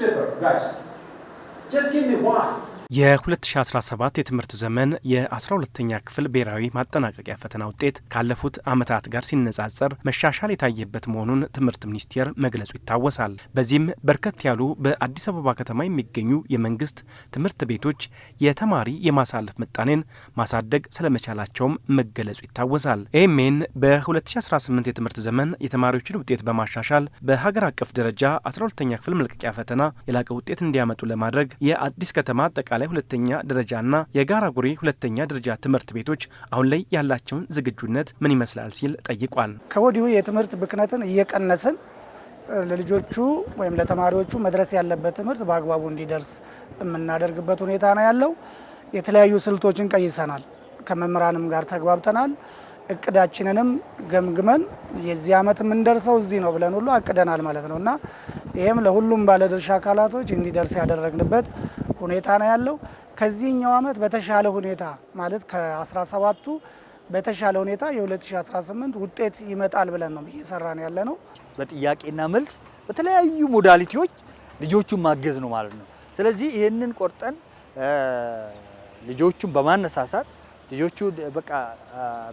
newspaper, guys. Just give me one. የ2017 የትምህርት ዘመን የ12ተኛ ክፍል ብሔራዊ ማጠናቀቂያ ፈተና ውጤት ካለፉት ዓመታት ጋር ሲነጻጸር መሻሻል የታየበት መሆኑን ትምህርት ሚኒስቴር መግለጹ ይታወሳል። በዚህም በርከት ያሉ በአዲስ አበባ ከተማ የሚገኙ የመንግስት ትምህርት ቤቶች የተማሪ የማሳለፍ ምጣኔን ማሳደግ ስለመቻላቸውም መገለጹ ይታወሳል። ኤሜን በ2018 የትምህርት ዘመን የተማሪዎችን ውጤት በማሻሻል በሀገር አቀፍ ደረጃ 12ተኛ ክፍል መልቀቂያ ፈተና የላቀ ውጤት እንዲያመጡ ለማድረግ የአዲስ ከተማ አጠቃላይ አጠቃላይ ሁለተኛ ደረጃና የጋራ ጉሬ ሁለተኛ ደረጃ ትምህርት ቤቶች አሁን ላይ ያላቸውን ዝግጁነት ምን ይመስላል ሲል ጠይቋል። ከወዲሁ የትምህርት ብክነትን እየቀነስን ለልጆቹ ወይም ለተማሪዎቹ መድረስ ያለበት ትምህርት በአግባቡ እንዲደርስ የምናደርግበት ሁኔታ ነው ያለው። የተለያዩ ስልቶችን ቀይሰናል። ከመምህራንም ጋር ተግባብተናል። እቅዳችንንም ገምግመን የዚህ ዓመት የምንደርሰው እዚህ ነው ብለን ሁሉ አቅደናል ማለት ነው እና ይህም ለሁሉም ባለድርሻ አካላቶች እንዲደርስ ያደረግንበት ሁኔታ ነው ያለው። ከዚህኛው ዓመት በተሻለ ሁኔታ ማለት ከ17ቱ በተሻለ ሁኔታ የ2018 ውጤት ይመጣል ብለን ነው እየሰራን ያለ ነው። በጥያቄና መልስ በተለያዩ ሞዳሊቲዎች ልጆቹን ማገዝ ነው ማለት ነው። ስለዚህ ይህንን ቆርጠን ልጆቹን በማነሳሳት ልጆቹ በቃ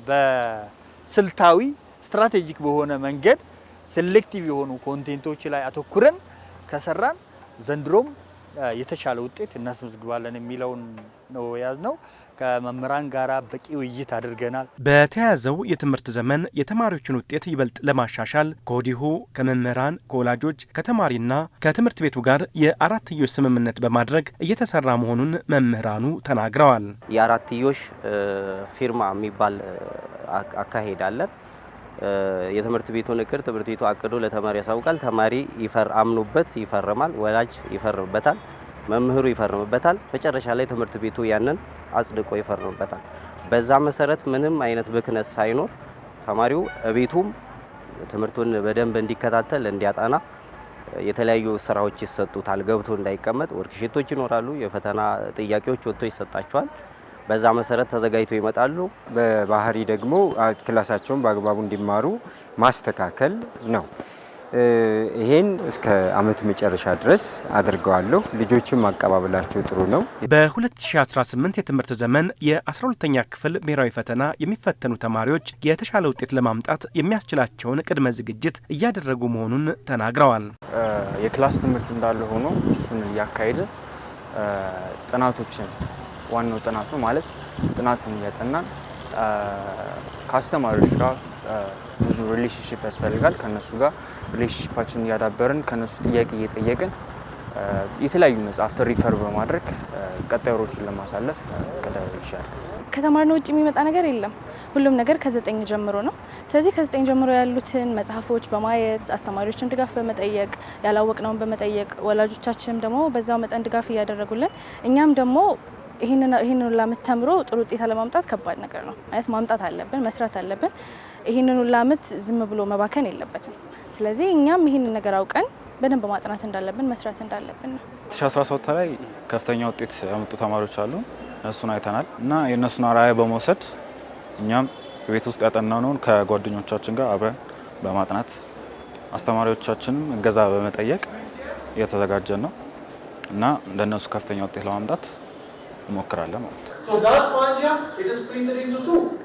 በስልታዊ ስትራቴጂክ በሆነ መንገድ ሴሌክቲቭ የሆኑ ኮንቴንቶች ላይ አተኩረን ከሰራን ዘንድሮም የተሻለ ውጤት እናስመዝግባለን የሚለውን ነው የያዝነው። ከመምህራን ጋር በቂ ውይይት አድርገናል። በተያያዘው የትምህርት ዘመን የተማሪዎችን ውጤት ይበልጥ ለማሻሻል ከወዲሁ ከመምህራን፣ ከወላጆች፣ ከተማሪና ከትምህርት ቤቱ ጋር የአራትዮሽ ስምምነት በማድረግ እየተሰራ መሆኑን መምህራኑ ተናግረዋል። የአራትዮሽ ፊርማ የሚባል አካሄዳለን። የትምህርት ቤቱን እቅድ ትምህርት ቤቱ አቅዶ ለተማሪ ያሳውቃል። ተማሪ ይፈር አምኖበት ይፈርማል። ወላጅ ይፈርምበታል። መምህሩ ይፈርምበታል። መጨረሻ ላይ ትምህርት ቤቱ ያንን አጽድቆ ይፈርምበታል። በዛ መሰረት ምንም አይነት ብክነት ሳይኖር ተማሪው እቤቱም ትምህርቱን በደንብ እንዲከታተል እንዲያጠና የተለያዩ ስራዎች ይሰጡታል። ገብቶ እንዳይቀመጥ ወርክሽቶች ይኖራሉ። የፈተና ጥያቄዎች ወጥቶ ይሰጣቸዋል። በዛ መሰረት ተዘጋጅተው ይመጣሉ። በባህሪ ደግሞ ክላሳቸውን በአግባቡ እንዲማሩ ማስተካከል ነው። ይሄን እስከ አመቱ መጨረሻ ድረስ አድርገዋለሁ። ልጆችም አቀባበላቸው ጥሩ ነው። በ2018 የትምህርት ዘመን የ12ተኛ ክፍል ብሔራዊ ፈተና የሚፈተኑ ተማሪዎች የተሻለ ውጤት ለማምጣት የሚያስችላቸውን ቅድመ ዝግጅት እያደረጉ መሆኑን ተናግረዋል። የክላስ ትምህርት እንዳለ ሆኖ እሱን እያካሄደ ጥናቶችን ዋናው ጥናት ነው ማለት ጥናትን እያጠናን ከአስተማሪዎች ጋር ብዙ ሪሌሽንሽፕ ያስፈልጋል። ከነሱ ጋር ሪሌሽንሽፓችን እያዳበርን ከነሱ ጥያቄ እየጠየቅን የተለያዩ መጽሐፍት ሪፈር በማድረግ ቀጣዮሮችን ለማሳለፍ ቅደ ይሻል። ከተማርነው ውጭ የሚመጣ ነገር የለም። ሁሉም ነገር ከዘጠኝ ጀምሮ ነው። ስለዚህ ከዘጠኝ ጀምሮ ያሉትን መጽሐፎች በማየት አስተማሪዎችን ድጋፍ በመጠየቅ ያላወቅነውን በመጠየቅ ወላጆቻችንም ደግሞ በዛው መጠን ድጋፍ እያደረጉልን እኛም ደግሞ ይህንን ሁላ የምተምሮ ጥሩ ውጤታ ለማምጣት ከባድ ነገር ነው ማለት ማምጣት አለብን፣ መስራት አለብን። ይህንን ሁላ አመት ዝም ብሎ መባከን የለበትም። ስለዚህ እኛም ይህንን ነገር አውቀን በደንብ ማጥናት እንዳለብን መስራት እንዳለብን ነው። 2017 ላይ ከፍተኛ ውጤት ያመጡ ተማሪዎች አሉ። እሱን አይተናል እና የእነሱን አርአያ በመውሰድ እኛም ቤት ውስጥ ያጠናነውን ከጓደኞቻችን ጋር አብረን በማጥናት አስተማሪዎቻችንም እገዛ በመጠየቅ እየተዘጋጀን ነው እና እንደነሱ ከፍተኛ ውጤት ለማምጣት እንሞክራለን ማለት ነው።